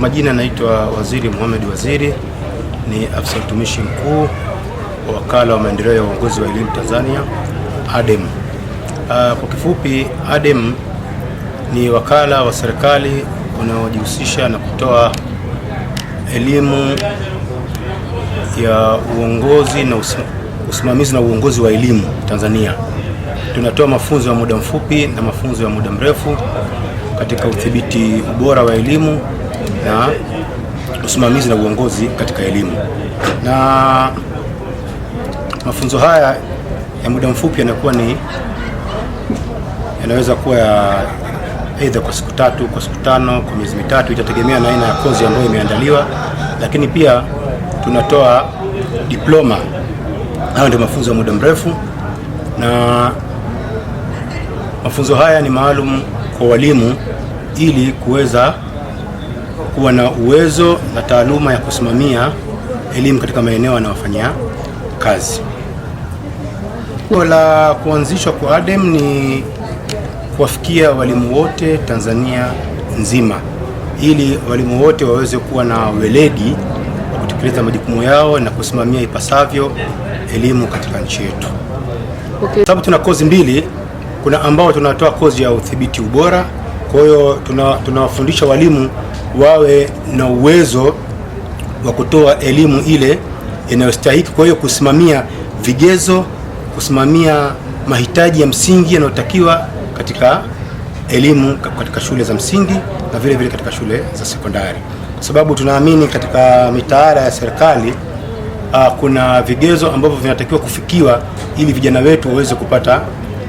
Majina naitwa Waziri Mohamed Waziri, ni afisa utumishi mkuu wa wakala wa maendeleo ya uongozi wa elimu Tanzania ADEM. Ah, kwa kifupi, ADEM ni wakala wa serikali unaojihusisha na kutoa elimu ya uongozi na usimamizi na uongozi wa elimu Tanzania. Tunatoa mafunzo ya muda mfupi na mafunzo ya muda mrefu katika udhibiti ubora wa elimu na usimamizi na uongozi katika elimu. Na mafunzo haya ya muda mfupi yanakuwa ni yanaweza kuwa ya aidha kwa siku tatu, kwa siku tano, kwa miezi mitatu, itategemea na aina ya kozi ambayo imeandaliwa, lakini pia tunatoa diploma. Hayo ndio mafunzo ya muda mrefu, na mafunzo haya ni maalum kwa walimu ili kuweza kuwa na uwezo na taaluma ya kusimamia elimu katika maeneo anayofanyia kazi. La kuanzishwa kwa ADEM ni kuwafikia walimu wote Tanzania nzima ili walimu wote waweze kuwa na weledi wa kutekeleza majukumu yao na kusimamia ipasavyo elimu katika nchi yetu. Okay. Sababu tuna kozi mbili, kuna ambao tunatoa kozi ya udhibiti ubora kwa hiyo tunawafundisha tuna walimu wawe na uwezo wa kutoa elimu ile inayostahiki, kwa hiyo kusimamia vigezo, kusimamia mahitaji ya msingi yanayotakiwa katika elimu katika shule za msingi na vile vile katika shule za sekondari, kwa sababu tunaamini katika mitaala ya serikali uh, kuna vigezo ambavyo vinatakiwa kufikiwa ili vijana wetu waweze kupata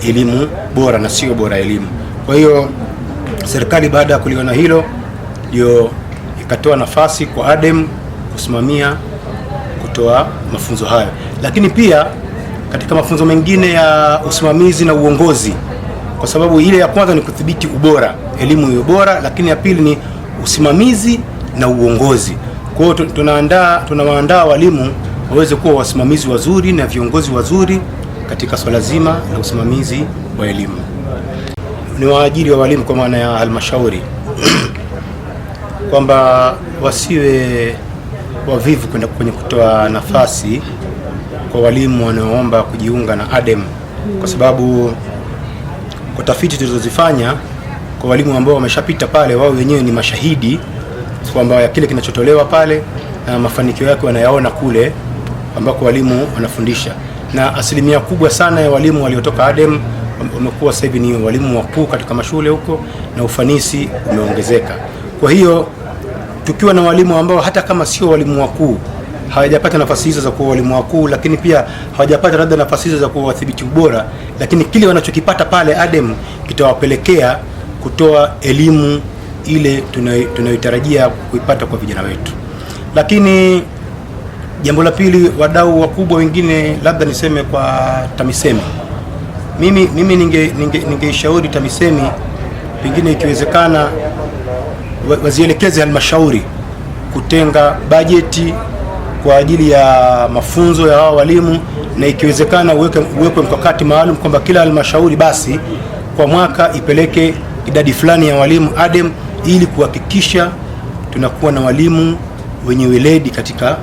elimu bora na sio bora elimu. Kwa hiyo Serikali baada ya kuliona hilo ndio ikatoa nafasi kwa ADEM kusimamia kutoa mafunzo hayo, lakini pia katika mafunzo mengine ya usimamizi na uongozi, kwa sababu ile ya kwanza ni kudhibiti ubora, elimu hiyo bora, lakini ya pili ni usimamizi na uongozi. Kwa hiyo tunaandaa, tunawaandaa walimu waweze kuwa wasimamizi wazuri na viongozi wazuri katika swala zima la usimamizi wa elimu ni waajiri wa walimu kwa maana ya halmashauri kwamba wasiwe wavivu kwenda kwenye kutoa nafasi kwa walimu wanaoomba kujiunga na ADEM, kwa sababu kwa tafiti tulizozifanya kwa walimu ambao wameshapita pale, wao wenyewe ni mashahidi kwamba ya kile kinachotolewa pale na mafanikio yake wanayaona kule ambako walimu wanafundisha, na asilimia kubwa sana ya walimu waliotoka ADEM wamekuwa sasa hivi ni walimu wakuu katika mashule huko na ufanisi umeongezeka. Kwa hiyo tukiwa na walimu ambao hata kama sio walimu wakuu hawajapata nafasi hizo za kuwa walimu wakuu, lakini pia hawajapata labda nafasi hizo za kuwa wadhibiti ubora, lakini kile wanachokipata pale ADEM kitawapelekea kutoa elimu ile tunayotarajia kuipata kwa vijana wetu. Lakini jambo la pili, wadau wakubwa wengine labda niseme kwa TAMISEMI mimi, mimi ningeishauri ninge, TAMISEMI pengine ikiwezekana wazielekeze halmashauri kutenga bajeti kwa ajili ya mafunzo ya wao walimu, na ikiwezekana uwekwe mkakati maalum kwamba kila halmashauri basi kwa mwaka ipeleke idadi fulani ya walimu ADEM ili kuhakikisha tunakuwa na walimu wenye weledi katika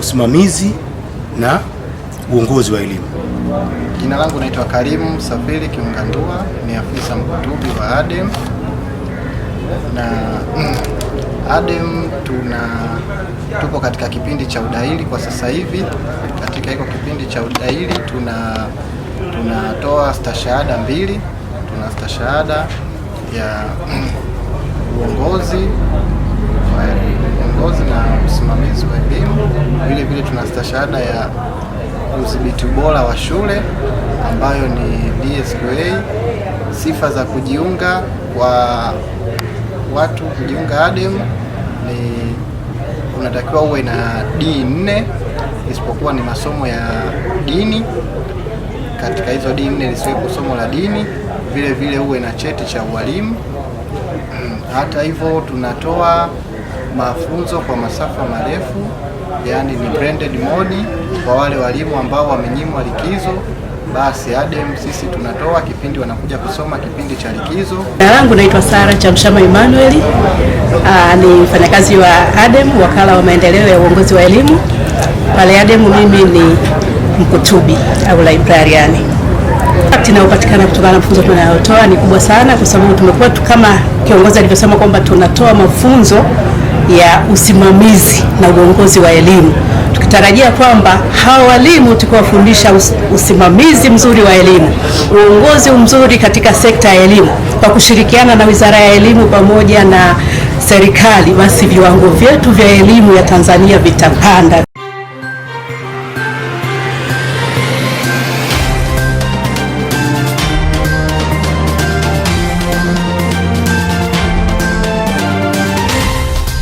usimamizi na uongozi wa elimu. Jina langu naitwa Karimu Safiri Kiungandua, ni afisa mkutubi wa ADEM na mm, ADEM tuna tupo katika kipindi cha udahili kwa sasa hivi. Katika hiko kipindi cha udahili tuna tunatoa stashahada mbili, tuna stashahada ya mm, uongozi uongozi na usimamizi wa elimu, vile vile tuna stashahada ya udhibiti ubora wa shule ambayo ni DSQA, sifa za kujiunga kwa watu kujiunga ADEM ni unatakiwa uwe na D4 isipokuwa ni masomo ya dini. Katika hizo D4 lisiwepo somo la dini. Vile vile uwe na cheti cha ualimu. Hata hivyo tunatoa mafunzo kwa masafa marefu yani ni branded modi kwa wale walimu ambao wamenyimwa likizo basi ADEM sisi tunatoa kipindi wanakuja kusoma kipindi cha likizo. Jina langu naitwa Sara Chamshama Emmanuel. Ah, ni mfanyakazi wa ADEM, wakala wa maendeleo ya uongozi wa elimu pale ADEM. Mimi ni mkutubi au librarian. Wakati inayopatikana kutokana na mafunzo tunayotoa ni kubwa sana, kwa sababu tumekuwa kama kiongozi alivyosema kwamba tunatoa mafunzo ya usimamizi na uongozi wa elimu, tukitarajia kwamba hawa walimu tukiwafundisha usimamizi mzuri wa elimu, uongozi mzuri katika sekta ya elimu kwa kushirikiana na Wizara ya Elimu pamoja na serikali, basi viwango vyetu vya elimu ya Tanzania vitapanda.